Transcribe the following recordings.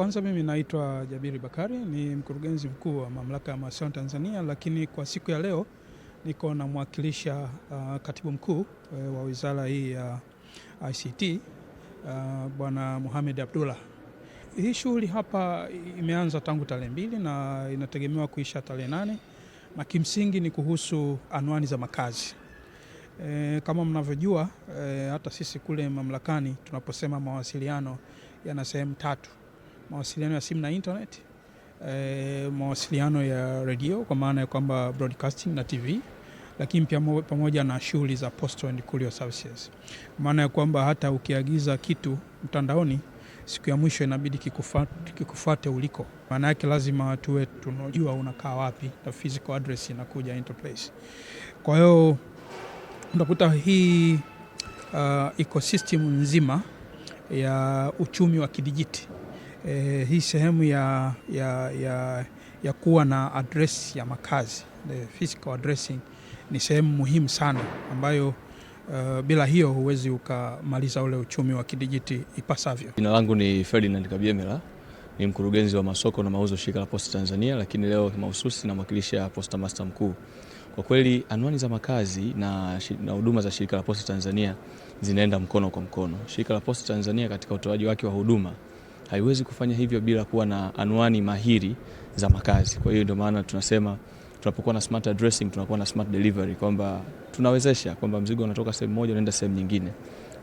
Kwanza mimi naitwa Jabiri Bakari, ni mkurugenzi mkuu wa Mamlaka ya Mawasiliano Tanzania, lakini kwa siku ya leo niko namwakilisha uh, katibu mkuu uh, wa wizara hii ya uh, ICT uh, Bwana Mohamed Abdullah. Hii shughuli hapa imeanza tangu tarehe mbili na inategemewa kuisha tarehe nane na kimsingi ni kuhusu anwani za makazi. E, kama mnavyojua e, hata sisi kule mamlakani tunaposema mawasiliano yana sehemu tatu mawasiliano ya simu na internet, e, mawasiliano ya redio kwa maana ya kwamba broadcasting na TV, lakini pia pamoja na shughuli za postal and courier services, maana ya kwamba hata ukiagiza kitu mtandaoni siku ya mwisho inabidi kikufuate, kikufate uliko. Maana yake lazima tuwe tunajua unakaa wapi na physical address inakuja into place. Kwa hiyo utakuta hii uh, ecosystem nzima ya uchumi wa kidijiti eh, hii sehemu ya, ya, ya, ya kuwa na address ya makazi the physical addressing ni sehemu muhimu sana ambayo uh, bila hiyo huwezi ukamaliza ule uchumi wa kidijiti ipasavyo. Jina langu ni Ferdinand kabiemela ni mkurugenzi wa masoko na mauzo shirika la Posta Tanzania, lakini leo mahususi namwakilisha Posta Master mkuu. Kwa kweli anwani za makazi na huduma za shirika la Posta Tanzania zinaenda mkono kwa mkono. Shirika la Posta Tanzania katika utoaji wake wa huduma haiwezi kufanya hivyo bila kuwa na anwani mahiri za makazi. Kwa hiyo ndio maana tunasema tunapokuwa na smart addressing tunakuwa na smart delivery, kwamba tunawezesha kwamba mzigo unatoka sehemu moja unaenda sehemu nyingine.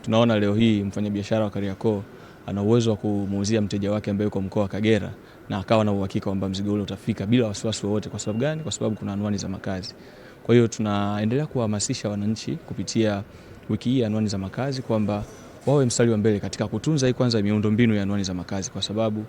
Tunaona leo hii mfanyabiashara wa Kariakoo ana uwezo wa kumuuzia mteja wake ambaye yuko mkoa wa Kagera na akawa na uhakika kwamba mzigo ule utafika bila wasiwasi wowote. Kwa sababu gani? Kwa sababu kuna anwani za makazi. Kwa hiyo tunaendelea kuwahamasisha wananchi kupitia wiki hii anwani za makazi kwamba wawe mstari wa mbele katika kutunza hii kwanza miundombinu ya anwani za makazi, kwa sababu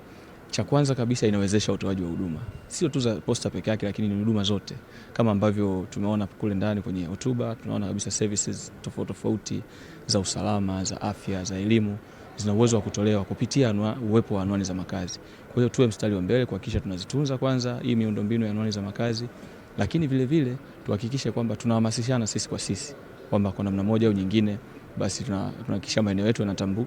cha kwanza kabisa inawezesha utoaji wa huduma sio tu za posta peke yake, lakini ni huduma zote, kama ambavyo tumeona kule ndani kwenye hotuba. Tunaona kabisa services tofauti tofauti za usalama, za afya, za elimu zina uwezo wa kutolewa kupitia anwa, uwepo wa anwani za makazi. Kwa hiyo tuwe mstari wa mbele kuhakikisha tunazitunza kwanza hii miundombinu ya anwani za makazi, lakini vilevile tuhakikishe kwamba tunahamasishana sisi kwa sisi kwamba kwa namna moja au nyingine basi tunahakikisha maeneo yetu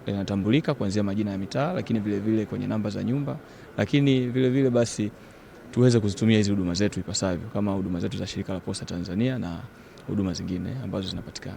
yanatambulika kuanzia majina ya mitaa, lakini vilevile vile kwenye namba za nyumba, lakini vilevile vile basi tuweze kuzitumia hizi huduma zetu ipasavyo, kama huduma zetu za shirika la Posta Tanzania na huduma zingine ambazo zinapatikana.